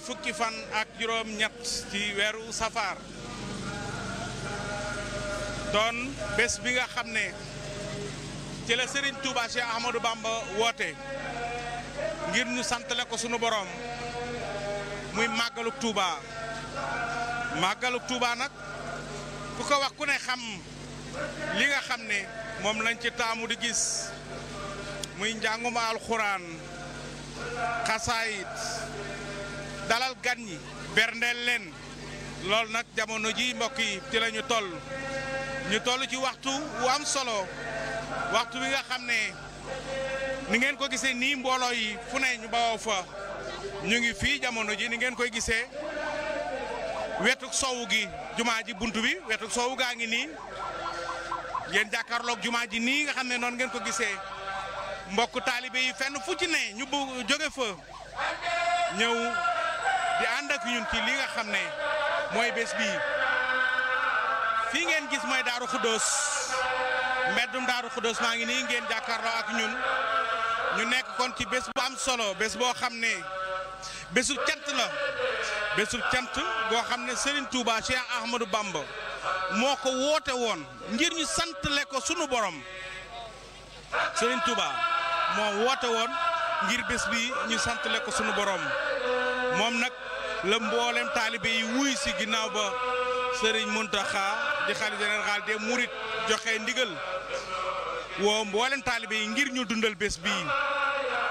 fukki fan ak juróom-ñett weeru safaar doon bés bi nga xam ne ci la Serigne Touba Cheikh Bamba woote ngir ñu santale ko sunu borom muy màggaluk Touba màggaluk Touba nag bu ko wax ku ne xam li nga xam ne moom lañ ci taamu di gis muy njànguma alxuraan xasaayit gan ñi berndeel leen loolu nag jamono ji mbokk yi ci la ñu toll ñu toll ci waxtu wu am solo waxtu bi nga xam ne ni ngeen ko gisee nii mbooloo yi fu ne ñu bawoo fa ñu ngi fii jamono ji ni ngeen koy gisee wetuk sowu gi jumaa ji bunt bi wetuk sowu gaa ngi nii ngeen jàkkaarloog jumaa ji nii nga xam ne noonu ngeen ko gisee mbokk taalibe yi fenn fu ci ne ñu jóge fa ñëw di ànd ak ñun ci li nga xam ne mooy bés bi fii ngeen gis mooy Daaru Xuddoos mbeddum Daaru Xuddoos maa ngi nii ngeen jàkkaarloo ak ñun ñu nekk kon ci bés bu am solo bés boo xam ne bésu cant la bésu cant goo xam ne sëriñ Touba Cheikh Ahmadou Bamba moo ko woote woon ngir ñu santale ko sunu boroom sëriñ Touba moo woote woon ngir bés bi ñu santale ko sunu borom. moom nag la mboolem taalibe yi wuy si ginnaaw ba sëriñ Muntaxa di xalifa général des Mourides joxe ndigal woo mboolem taalibe yi ngir ñu dundal bés bii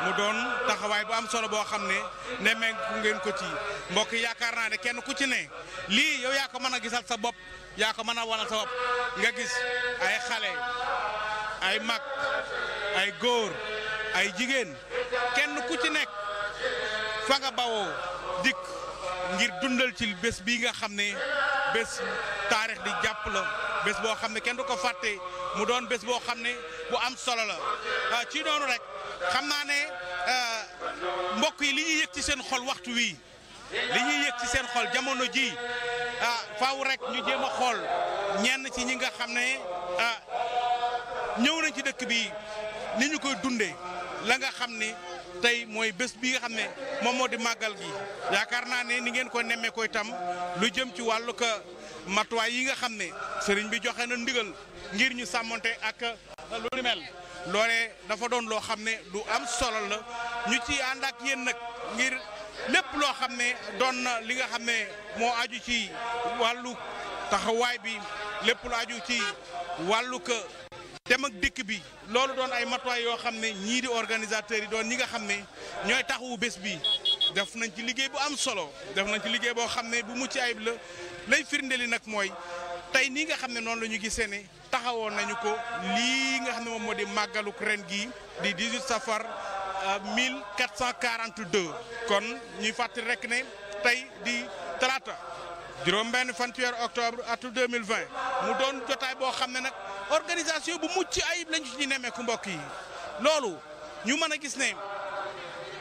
mu doon taxawaay bu am solo boo xam ne nemmeeku ngeen ko ci mbokk yaakaar naa ne kenn ku ci ne lii yow yaa ko mën a gisal sa bopp yaa ko mën a wanal sa bopp nga gis ay xale ay mag ay góor ay jigéen kenn ku ci nekk fa nga bawoo dikk ngir dundal ci bés bii nga xam ne bés taarix di jàpp la bés boo xam ne kenn du ko fàtte mu doon bés boo xam ne bu am solo la ah, ci noonu rek xam naa ne ah, mbokk yi li ñuy yëg ci seen xol waxtu wi li ñuy yëg ci seen xol jamono ji ah faaw rek ñu jéem a xool ñenn ci ñi nga xam ne ah ñëw nañ ci dëkk bi ni ñu koy dundee la nga xam ni tey mooy bés bi nga xam ne moom moo di màggal gi yaakaar naa ne ni ngeen ko nemmee koy tam lu jëm ci wàllu ka matuwaay yi nga xam ne sëriñ bi joxe na ndigal ngir ñu sàmmonte ak lu ni mel loolee dafa doon loo xam ne du am solo la ñu ci ànd ak yéen nag ngir lépp loo xam ne doon na li nga xam ne moo aju ci wàllu taxawaay bi lépp lu aju ci wàllu ka dem ak dikk bi loolu doon ay matuwaay yoo xam ne ñii di organisateurs yi doon ñi nga xam ne ñooy taxawu bés bi def nañ ci liggéey bu am solo def nañ ci liggéey boo xam ne bu mucc ayib la lay firndeli nag mooy tey nii nga xam ne noonu la ñu gisee ne taxawoon nañu ko lii nga xam ne moom moo di màggaluk ren gii di 18 safar 1442 euh, kon ñuy fàttali rek ne tey di talaata juróom-benn fan ci octobre atum 2020 mu doon jotaay boo xam ne nag. organisation bu mucc ayib lañ ci nemmeeku mbokk yi loolu ñu mën a gis ne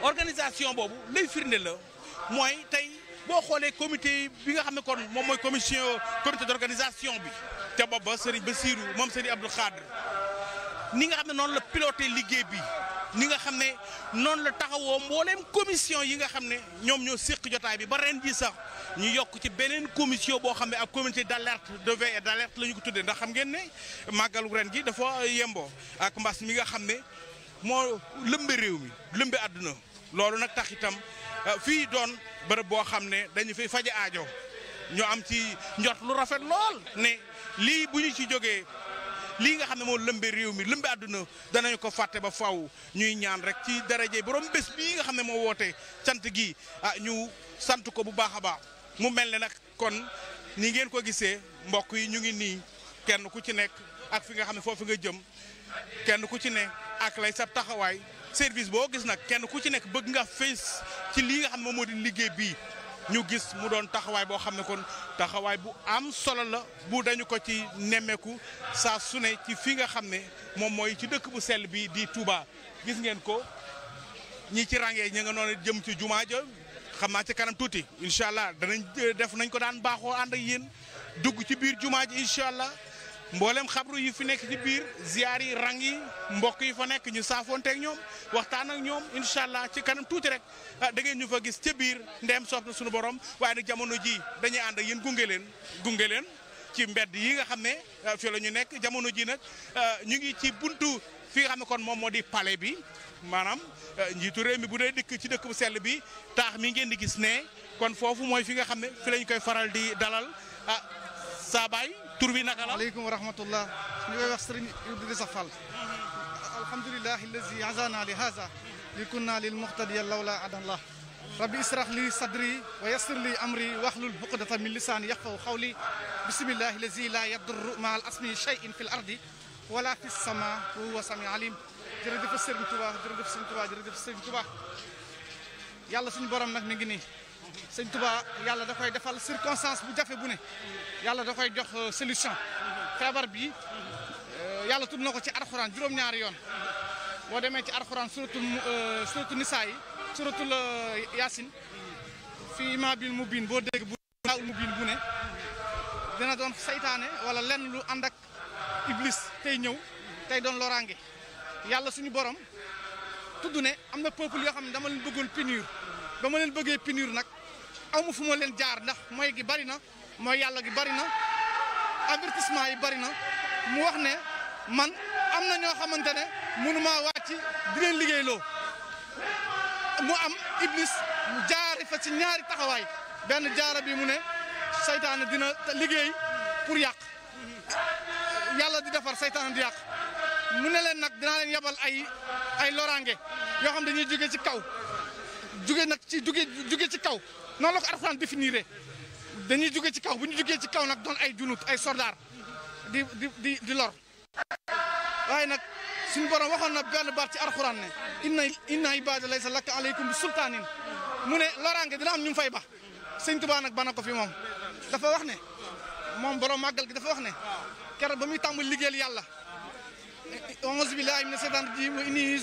organisation boobu lay firnde la mooy tey boo xoolee comité bi nga xam ne kon moom mooy commission comité d'organisation bi te booba Serigne Bassirou moom Serigne Abdou ni nga xam ne noonu la piloté liggéey bi ni nga xam ne noonu la taxawoo mbooleem commission yi nga xam ne ñoom ñoo séq jotaay bi ba ren jii sax ñu yokk ci beneen commission boo xam ne ak comité d' alerte de veille et d' ko tuddee ndax xam ngeen ne màggalu ren gi dafa yemboo ak mbas mi nga xam ne moo lëmbe réew mi lëmbe àdduna loolu nag tax itam euh, fii doon bërëb boo xam ne dañu fay faje aajo ñoo am ci njot lu rafet lool ne lii bu ñu ci jógee lii nga xam ne moo lëmbe réew mi lëmbe àdduna danañ ko fàtte ba faw ñuy ñaan rek ci daraje borom bés bii nga xam ne moo woote cant gi ah ñu sant ko bu baax a baax mu mel ne nag kon ni ngeen ko gisee mbokk yi ñu ngi nii kenn ku ci nekk ak fi nga xam ne foofu nga jëm kenn ku ci ne ak lay sa taxawaay service boo gis nag kenn ku ci nekk bëgg nga fees ci lii nga xam ne moom moo di liggéey bii ñu gis mu doon taxawaay boo xam ne kon taxawaay bu am solo la bu dañu ko ci nemmeeku saa su ne ci fii nga xam ne moom mooy ci dëkk bu sell bi di Touba gis ngeen ko ñi ci ràngee ña nga noonu jëm ci jumaa ja xam naa ci kanam tuuti incha allah danañ def nañ ko daan baaxoo ànd ak yéen dugg ci biir jumaa ji incha allah mboolem xabru yi fu nekk ci biir ziar yi rang yi mbokk yi fa nekk ñu saafoonteeg ñoom waxtaan ak ñoom incha allah ci kanam tuuti rek ah, da ngeen ñu fa gis ca biir ndeem soob na suñu borom waaye nag jamono ji dañuy ànd ak yéen gunge leen gunge leen ci mbedd yi nga xam ne ah, fi la ñu nekk jamono ji nag ah, ñu ngi ci buntu fi nga xam ne kon moom moo di pale bi maanaam njiitu réew mi bu dee dikk ci dëkk bu sell bi taax mi ngeen di gis ne kon foofu mooy fi nga xam ne fi lañ koy faral di dalal ah saa baay tur bi naka la. aleykum wa rahmatullah. ñu koy wax sëriñ Idrissa Fall. alhamdulilah allazi azana li haza. li kunna lil muxtadiya lawla adallah. rabbi israh li sadri wa yassir li amri waxlul xuqdata min lisaani yaxfaw xawli bismillahi allazi la yadurru ma al asmi shay'in fi l ardi wala fi sama wa huwa sami alim jërëjëf Sëriñ Tuubaa jërëjëf Sëriñ Tuubaa jërëjëf Sëriñ Tuubaa yàlla suñu borom nag mi ngi nii sëñ Touba yàlla da koy defal circonstance bu jafe bu ne yàlla da koy jox euh, solution feebar bi euh, yàlla tudd na ko ci arxuraan juróom-ñaari yoon boo demee ci arxuraan suratul euh, suratul nisaa yi suratul yaasin fii mu mubiin boo dégg bu naaw mubiin bu ne dina doon saytaane wala lenn lu ànd ak iblis tey ñëw tey doon loraange yàlla suñu borom tudd ne am na peuple yoo xam ne dama leen bëggul punir ba ma leen bëggee punir nag amu fu ma leen jaar ndax mooy gi bari na mooy yàlla gi bari na avertissement yi bari na mu wax ne man am na ñoo xamante ne mënumaa ci di leen liggéey loo mu am iblis mu jaari fa ci ñaari taxawaay benn jaara bi mu ne saytaane dina liggéey pour yàq yàlla di defar saytaane di yàq mu ne leen nag dina leen yabal ay ay loraange yoo xam dañuy jóge ci kaw jugee nag ci jugee jugee ci kaw noonu la ko Alxuraan définiré dañuy juge ci kaw bu ñu jugee ci kaw nag doon ay junut ay soldaar di di di di lor waaye nag suñu borom waxoon nag benn baat ci Alxuraan ne inna inna ibaada laysa laka aleykum bi sultaanin mu ne loraange dina am ñu fay ba sëñ Tuubaa nag bana ko fi moom dafa wax ne moom borom màggal gi dafa wax ne ker ba muy tàmbali liggéeyal yàlla auzu billaahi mina seytaani rajiim inni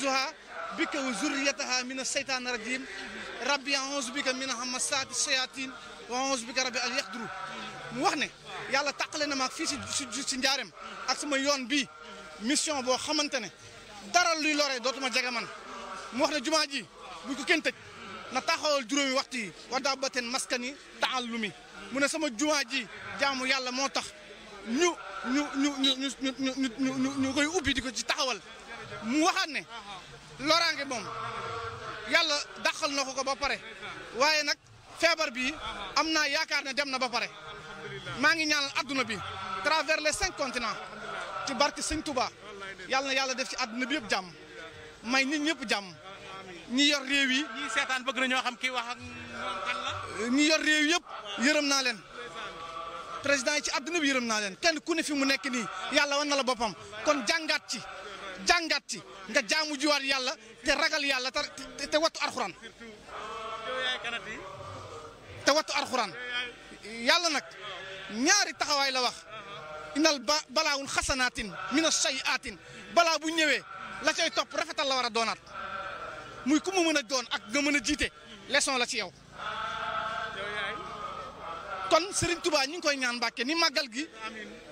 bika wa zurriyataha min aseytaan rajim rabbi a'uuzu bika min hamasaati sayaatin wa a'uuzu bika rabbi an yaxduru mu wax ne yàlla tàqale na maag fii si si njaarem ak sama yoon bii mission boo xamante ne dara luy lore dootuma jege man mu wax ne jumaa ji bu ko kenn tëj na taxawal juróomi waxtu yi wa dabbaten maskani taallumi mu ne sama jumaa ji jaamu yàlla moo tax ñu ñu ñu ñu ñu ñu ñu koy ubbi di ko ci taxawal mu waxaat loraange moom yàlla dàqal na ko ko ba pare waaye nag feebar bi am naa yaakaar ne dem na ba pare maa ngi ñaan adduna bi travers les cinq continents ci barke siñ Touba yàlla na yàlla def ci adduna bi yëpp jàmm may nit ñëpp jàmm ñi yor réew yi. ñii seetaan bëgg na ñoo xam kii wax ak ñi yor réew yëpp yërëm naa leen président ci adduna bi yërëm naa leen kenn ku ne fi mu nekk nii yàlla wan na la boppam kon jàngaat ci. jàngat ci nga jaamu jiwaat yàlla te ragal yàlla te te wattu arxuraan te wattu arxuraan yàlla nag ñaari taxawaay la wax inal ba balaawun xasanaatin mina sayiaatin balaa bu ñëwee la cay topp rafetal la war a doonaat muy ku ma mën a doon ak nga mën a jiite leçon la ci yow kon Serigne Touba ñu ngi koy ñaan Mbàkke ni màggal gi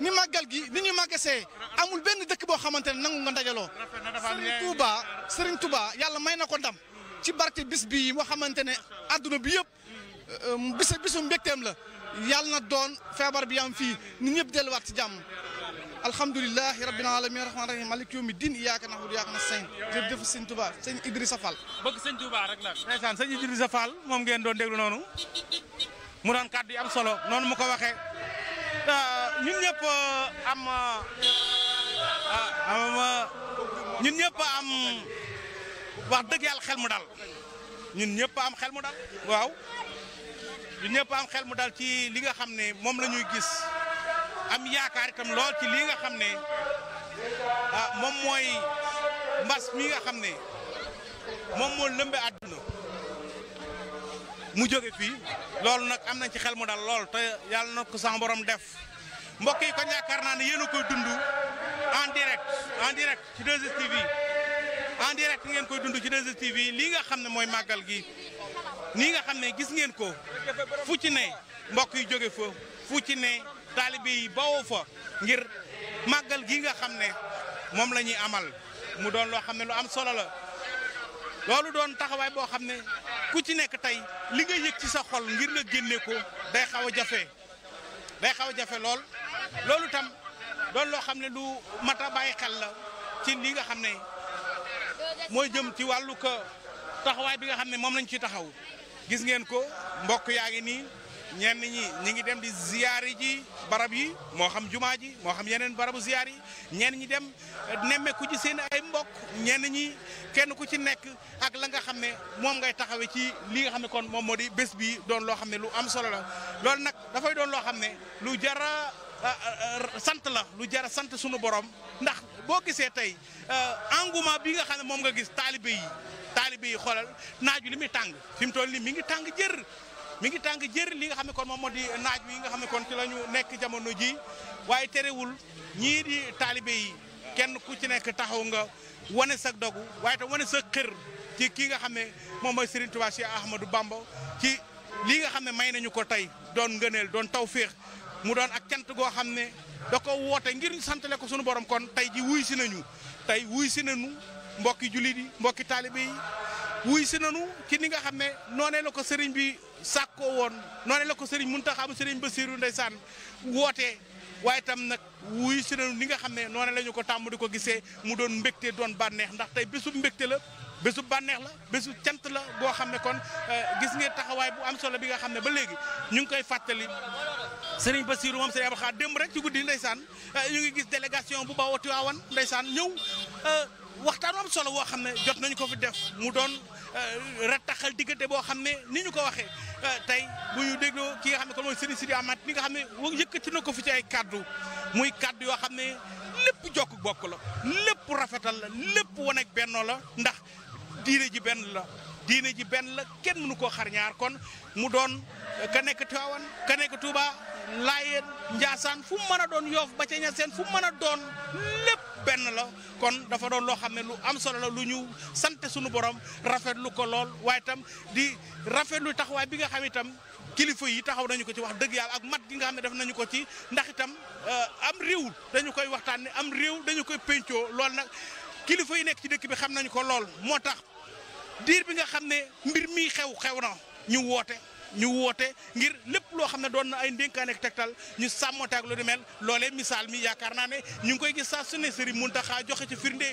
ni màggal gi ni ñu màggasee amul benn dëkk boo xamante ne nangu nga ndajaloo Serigne Touba Serigne Touba yàlla may na ko ndam ci barke bis bi boo xamante ne àdduna bi yëpp um, bis bisu mbégteem la yàlla na doon feebar bi am fii ni ñëpp delluwaat ci jàmm alhamdulilahi rabbil alamin rahmaani rahim malik yawmi din iyyaka na'budu wa iyyaka na jërëjëf sëñ Touba sëñ Idrissa Fall bëgg sëñ Touba rek la ndeysaan sëñ moom ngeen doon déglu noonu mu doon kàddu yi am solo noonu mu ko waxee euh, ñun ñëpp euh, euh, ah, am ñun ñëpp am wax dëgg yàlla xel mu dal ñun ñëpp am xel mu dal waaw ñun ñëpp am xel mu dal ci li nga xam ne moom la ñuy gis am yaakaar itam lool ci lii nga xam ne ah, moom mooy mbas mi nga xam ne moom moo lëmbe àdduna mu jóge fii loolu nag am nañ ci xel mu dal lool te yàlla na ko sama borom def mbokk yi kon yaakaar naa ne yéen a koy dund en direct en direct ci 2STV en direct ngeen koy dund ci 2STV lii nga xam ne mooy màggal gi nii nga xam ne gis ngeen ko fu ci ne mbokk yi jóge fa fu ci ne taalibe yi bawoo fa ngir màggal gi nga xam ne moom la ñuy amal mu doon loo xam ne lu am solo la loolu doon taxawaay boo xam ne ku ci nekk tey li nga yëg ci sa xol ngir la génne ko day xaw a jafe day xaw a jafe lool loolu tam doon loo xam ne lu mat a bàyyi xel la ci li nga xam ne mooy jëm ci wàllu ko taxawaay bi nga xam ne moom lañ ci taxaw gis ngeen ko mbokk yaa ngi nii ñenn ñi ñi ngi dem di ziyaari ji barab yi moo xam jumaa ji moo xam yeneen barabu ziyaar yi ñenn ñi dem nemmeeku ci seen ay mbokk ñenn ñi kenn ku ci nekk ak la nga xam ne moom ngay taxawe ci li nga xam ne kon moom moo di bés bi doon loo xam ne lu am solo la loolu nag dafay doon loo xam ne lu jara sant la lu jara sant sunu borom ndax boo gisee tey euh, engouement bi nga xam ne moom nga gis taalibe yi taalibe yi xoolal naaju li muy tàng fi mu toll nii mi ngi tàng jër mi ngi tànk jéer li nga xam ne kon moom moo di naaj wi nga xam ne kon ci la ñu nekk jamono ji waaye terewul ñii di taalibe yi kenn ku ci nekk taxaw nga wane sa dogu waaye tam wane sa xër ci kii nga xam ne moom mooy Serigne Touba Cheikh Bamba ci lii nga xam ne may nañu ko tey doon ngëneel doon tawféex mu doon ak cant goo xam ne da ko woote ngir ñu santale ko sunu borom kon tey ji wuy si nañu tey wuy si nañu mbokki jullit yi mbokki taalibe yi wuy si nanu ci ni nga xam ne noonee la ko sëriñ bi sàkkoo woon noonee la ko sëriñ Muntaxa mu sëriñ Basiru ndeysaan wootee waaye tam nag wuy si nanu ni nga xam ne noonee la ñu ko tàmm di ko gisee mu doon mbégte doon bànneex ndax tey bésub mbégte la bésu bànneex la bésu cant la boo xam ne kon euh, gis ngeen taxawaay bu am solo bi nga xam ne ba léegi ñu ngi koy fàttali sëriñ Bassirou moom sëriñ Abdou Khadre démb rek ci guddi ndeysaan euh, ñu ngi gis délégation bu bawoo Tiwaawan ndeysaan ñëw euh, waxtaan am solo woo xam ne jot nañu ko fi def mu doon euh, rattaxal diggante boo xam ne ni ñu ko waxee euh, tey bu ñu dégloo ki nga xam ne kon mooy Serigne Sidi Amath mi nga xam ne yëkkati na ko fi ci ay kàddu muy kàdd yoo xam ne lépp jokk bokk la lépp rafetal la lépp wane ak bennoo la ndax diine ji benn la diine ji benn la kenn mënu koo xarñaar kon mu doon ka nekk Tivaouane ka nekk Touba Laayeen Njaasaan fu mu mën a doon Yoof ba ca ña seen fu mën a doon lépp benn la kon dafa doon loo xam ne lu am solo la lu ñu sant suñu borom rafetlu ko lool waaye itam di rafetlu taxawaay bi nga xam itam kilifa yi taxaw nañu ko ci wax dëgg yàlla ak mat gi nga xam ne def nañu ko ci ndax itam euh, am réew dañu koy waxtaan am réew dañu koy péncoo lool nag kilifa yi nekk ci dëkk bi xam nañu ko lool moo tax diir bi nga xam ne mbir mi xew xew na ñu woote ñu woote ngir lépp loo xam ne doon na ay ndénkaan tegtal ñu sàmmonte ak lu di mel loolee mi yaakaar naa ne ñu ngi koy gis saa su ne Serigne Mountakha joxe ci firnde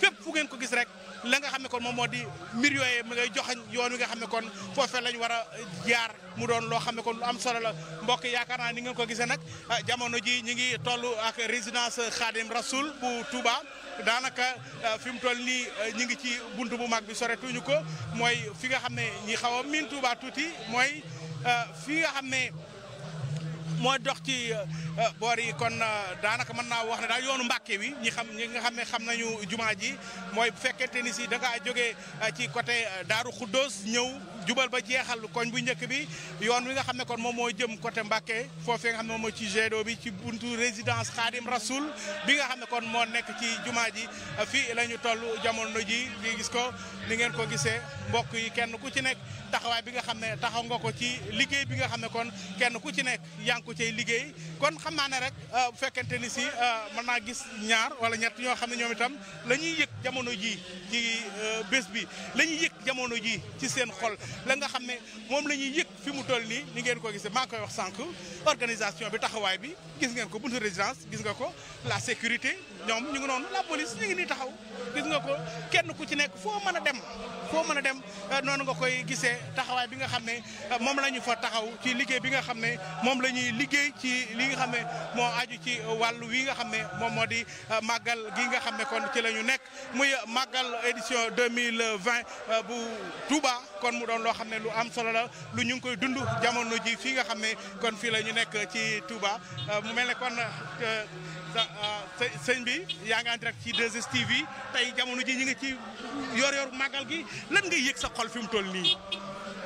fépp fu ngeen ko gis rek la nga xam ne kon moom moo di mbir yooyee mi ngay joxañ yoon wi nga xam ne kon foofee lañ war a jaar mu doon loo xam ne kon lu am solo la mbokk yaakaar naa ni ngeen ko gisee nag ah, jamono ji ñu ngi toll ak résidence Khadim Rasoul bu Touba. daanaka ah, fi mu toll nii ah, ñu ngi ci buntu bu mag bi soretuñu ko mooy fi nga xam ne ñi xaw a miin Touba tuuti mooy mooy euh, fii nga xam ne mooy dox ci euh, euh, boori yi kon daanaka mën naa wax ne daal yoonu Mbàkke wi ñi xam ñi nga xam ne xam nañu jumaa ji mooy bu fekkente ni si da ngaa jógee ci côté Daaru Xuddoos ñëw. jubal ba jeexal koñ bu njëkk bi yoon wi nga xam ne kon moom moo jëm côté mbake foofee nga xam ne moom moo ci gédo bi ci buntu résidence Khadim Rasoul bi nga xam ne kon moo nekk ci jumaa ji fii la ñu toll jamono ji ngi gis ko ni ngeen ko gisee mbokk yi kenn ku ci nekk taxawaay bi nga xam ne taxaw nga ko ci liggéey bi nga xam ne kon kenn ku ci nekk yaa ngi ko cay liggéey kon xam naa ne rek euh, bu fekkente ni si euh, mën naa gis ñaar wala ñett ñoo xam ne ñoom itam lañuy ñuy yëg jamono ji ci euh, bés bi la ñuy jamono ji ci seen xol la nga xam ne moom la ñuy yëg fi mu toll nii ni ngeen ko gisee maa koy wax sànq organisation bi taxawaay bi gis ngeen ko buntu résidence gis nga ko la sécurité ñoom ñu ngi noonu la police ñu ngi nii taxaw gis nga ko kenn ku ci nekk foo mën a dem foo mën a dem euh, noonu nga koy gisee taxawaay bi nga xam ne euh, moom la ñu fa taxaw ci liggéey bi nga xam ne moom la ñuy liggéey ci li nga xam ne moo aju ci wàllu wi nga xam ne moom moo di euh, maggal gi nga xam ne kon ci la ñu nekk muy màggal édition 2020 bu Touba kon mu doon loo xam ne lu am solo lu ñu ngi koy dund jamono ji fii nga xam ne kon fii la nekk ci Touba euh, mu mel ne kon euh, euh, sëñ bi yaa ngi en direct ci 2STV tey jamono ji ñu ngi ci yor-yor màggal gi lan ngay yëg sa xol fi mu toll nii.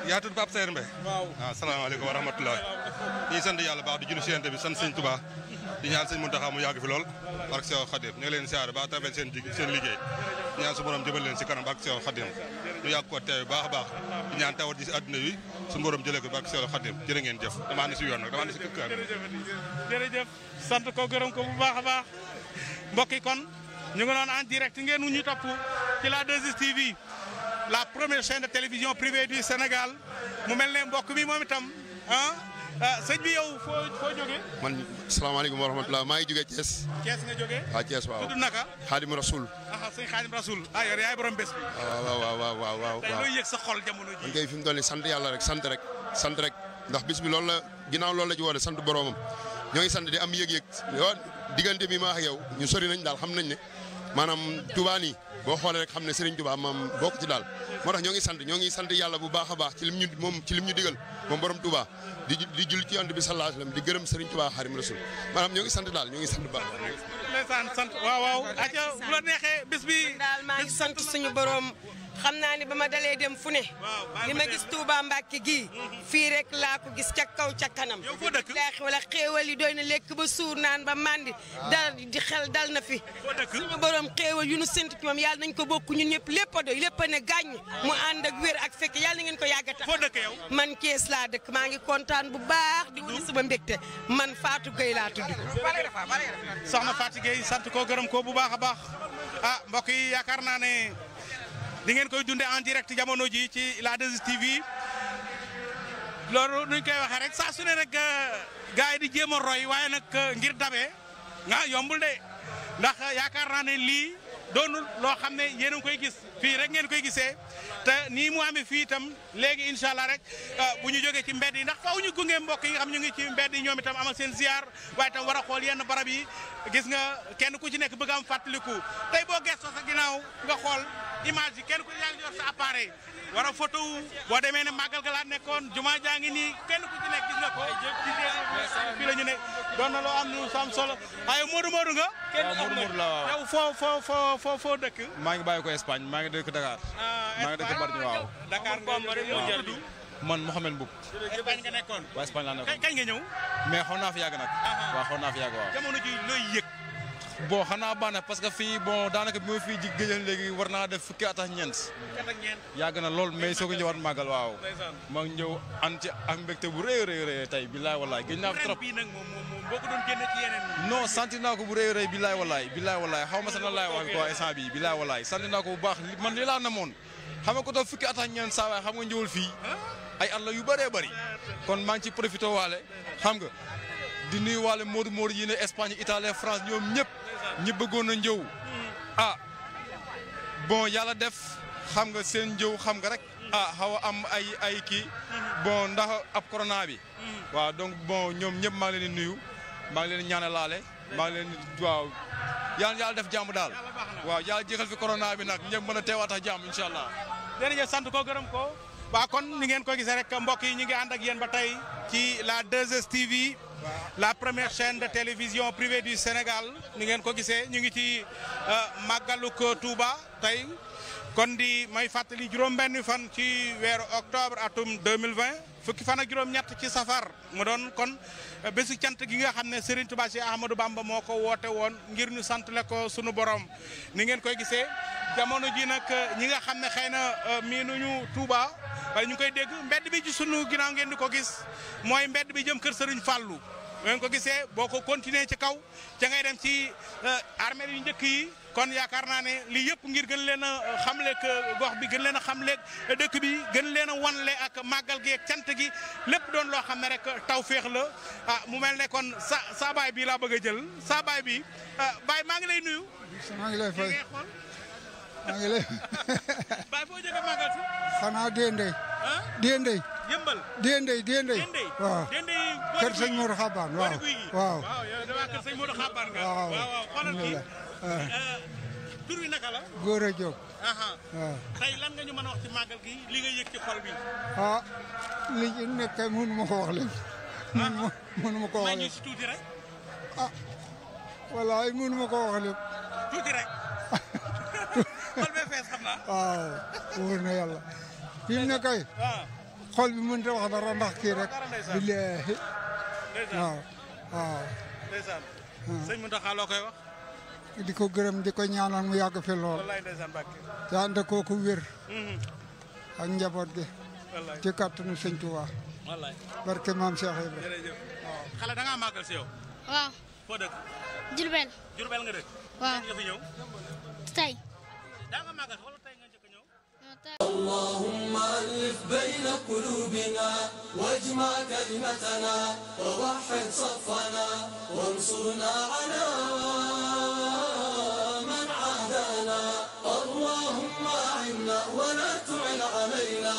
yaa tudd Pape Seer Mbaye. waaw waaw ah, salaamaaleykum wa rahmatulah. ñu yàlla baax di julli si yéen bi sant sëñ Touba. di ñaan sëñ Mountakha mu yàgg fi lool. barke Seex Xadim ñu ngi leen siyaare baax tawfeex seen seen liggéey. di ñaan su leen si kanam barke Seex Xadim ñu yàgg ko teew baax a baax. di ñaan tawat ji si adduna wi su borom jëlee ko barke Seydou Khadim ngeen jëf damaa ne si yoon nag damaa ne si kër jërëjëf sant ko gërëm ko bu baax a baax mbokk yi kon ñu ngi noonu en direct ngeen ñu topp ci la 2STV la première chaîne de télévision privée du senegal mu mel ne mbokk mi moom tam ah ah sëñ bi yow foo foo jógee. man salaamaaleykum wa rahmatulah maa ngi jógee Thiès. Thiès nga jógee. ah Thiès waaw tudd naka. Xaadim Rasul. ah sëñ Xaadim Rasul. ah yow yaay borom bés bi. Ah, waaw waaw waaw waaw waaw. tey looy yëg sa xol jamono ji. man kay fi mu toll nii sant yàlla rek sant rek sant rek ndax bis bi loolu la ginnaaw loolu la ci wone sant boromam ñoo ngi sant di am yëg-yëg yoo diggante bi ma wax yow ñu sori nañ daal xam nañ ne maanaam Tuubaa nii boo xoolee rek xam ne Serigne Touba moom bokk ci daal moo tax ñoo ngi sant ñoo ngi sant yàlla bu baax a baax ci ñu moom ci lim ñu digal moom borom Touba di di jul ci yonent bi sallallahu alayhi wasallam di gërëm Serigne Touba Xaadimu Rasuul maanaam ñoo ngi sant daal ñoo ngi sant baax ndeysaan sant waaw waaw aca bu la neexee bis bi sant suñu borom xam naa ni ba ma dalee dem fu ne. li ma gis Touba Mbacke gi mhm. fii rek laa ko gis ca kaw ca kanam. yow foo dëkk wala xéewal yi doy na lekk ba suur naan ba màndi. Ah. dal di xel dal na fi. suñu borom xéewal yu nu sént ci moom yàlla nañ ko bokk ñun ñëpp lépp a doy lépp a ne gaañ. mu ànd ak wér ak fekk yàlla na ngeen ko yàggata. foo yow man Kees laa dëkk maa ngi kontaan bu baax. di wuli sama mbégte man faatu Gueye laa tudd. soxna Fatou Gueye sant koo gërëm koo bu baax a baax ah mbokk yi yaakaar naa ne di ngeen koy dundee en direct jamono ji ci la 2STV loolu nuñ koy waxee rek saa su ne nag euh, gars yi di jéem a roy waaye nag euh, ngir dabe nga ah, yombul de ndax euh, yaakaar naa ne lii doonul loo xam ne yéen a ngi koy gis fii rek ngeen koy gisee te nii mu amee fii itam léegi incha allah rek euh, bu ñu jógee ci mbedd yi ndax faaw ñu gunge mbokk yi nga xam ñu ngi ci mbedd yi ñoom itam amal seen ziar waaye itam war xool yenn barab yi gis nga kenn ku ci nekk bëgg am fàttaliku tey boo gëstoo sa ginnaaw nga xool image yi kenn ku ci yaa ngi yor sa appareil war a photo wu boo demee ne màggal ga laa nekkoon jumaa jaa ngi nii kenn ku ci nekk gis ko fii la ñu ne doon na loo am lu sam solo waaye Modou Modou nga kenn Modou fo la waaw foo foo dëkk maa ngi bàyyi ko Espagne maa ngi dëkk Dakar ah, maa ngi dëkk Bargny waaw Dakar man Mouhamed Mboub Espagne nga nekkoon waaw Espagne laa nekkoon kañ nga ñëw mais xaw naa fi yàgg nag ah, ah. waaw xaw naa waaw bon xanaa baax na parce que fii bon daanaka bi ma fii ji gëjal léegi war naa def fukki at ak ñeent. yàgg na lool mais soo ko ñëwaat màggal waaw. ma jëw ànd ci ak mbégte bu rëy rëy rëy tey billaay wallaay gëj naa fi trop noo sant naa ko bu rëy rëy billaay wallaay billaay wallaay xaw ma sax nan laay wax quoi instant bii billaay wallaay sant naa ko bu baax man li laa namoon xam nga ko toog fukki at ak ñeent saa waay xam nga ñëwul fii ay at yu bëree bëri kon maa ngi ci profité waale xam nga di nuyu waale Modou Modou yi ne Espagne Italie France ñoom ñëpp ñi bëggoon a njëw hmm. ah, bon yàlla def xam nga seen njëw xam nga rek hmm. ah xaw a am ay ay kii hmm. bon ndax ab corona bi waaw donc bon ñoom ñëpp maa leen di nuyu maa ngi leen di ñaanalaale maa ngi leen di waaw yàlla def jàmm daal waa yàlla jeexal fi corona bi nag ñëpp mën a teewaat ak jàmm incha allah. jërëjëf sant ko gërëm ko. waa kon ni ngeen ko gisee rek mbokk yi ñu ngi ànd ak yéen ba tey ci la 2STV. la première chaine de télévision privée du Sénégal ni ngeen ko gisee ñu ngi ci euh, màggaluk Touba tey kon di may fàttali juróom-benn fan ci weeru octobre atum 2020 fukki fan ak juróom-ñett ci safar mu doon kon euh, bésu cant gi nga xam ne Serigne Touba Cheikh Ahmadou Bamba moo ko woote woon ngir ñu sant le ko sunu borom ni ngeen koy gisee jamono ji nag euh, ñi nga xam ne xëy na miinuñu Touba. waaye ñu koy dégg mbedd bi ci sunu ginnaaw ngeen di ko gis mooy mbedd bi jëm kër Serigne Fallou ngeen ko gisee boo ko continuer ci kaw ca ngay dem ci euh, armée yu njëkk yi kon yaakaar naa ne lii yëpp ngir gën leen a euh, xamleeg gox bi gën leen a xamleeg euh, dëkk bi gën leen a wanle ak màggal gi ak cant gi lépp doon loo xam ne rek taw féex la ah mu mel ne kon sa saa baay bi laa bëgg a jël saa baay bi baay maa ngi lay nuyu. maa ngi lay fay maa ngi lay. Baye foo jógee màggal si. xanaa Dendey. ah Dendey. yëmbal Dendey Dendey. Dendey waaw kër sëñ Modou Xabaan waaw. waaw yow damaa kër sëñ Modou Xabaan nga. waaw waaw xoolal kii. Euh, tur wi naka la. Gora Diop. waaw tey lan nga ñu mën a wax ci màggal gi li nga yëg ci xol bi. ah li ci nekk mënu ma ko wax léegi. mënu ma mënu ma ko wax léegi. maa ngi si tuuti rek. ah walaay mënu ma ko wax léegi. tuuti rek. xol bee fees xam naa. ne kay. xol bi mënut wax dara ndax kii rek. billaahi waaw waaw. ndeysaan. Hmm. sëñ Mountakha loo koy wax. di ko gërëm di ko ñaanal mu yàgg fi lool. wallaay ndeysaan Mbàkke. te hmm. ak njaboot gi. wallaay ci kàttanu sëñ Tuubaa. wallaay barke maam Cheikh Ibrahima. jërëjëf waaw xale Jurbel. Jurbel nga dëkk. waaw nga اللهم ألف بين قلوبنا واجمع كلمتنا ووحد صفنا وانصرنا على من عادانا اللهم أعنا ولا تعن علينا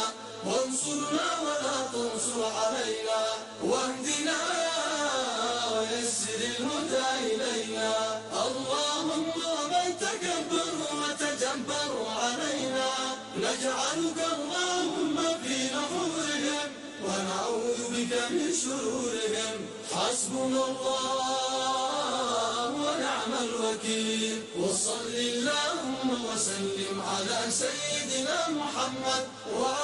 وانصرنا ولا تنصر علينا واهدنا ويسر الهدى بك من شرورهم حسبنا الله ونعم الوكيل وصل اللهم وسلم على سيدنا محمد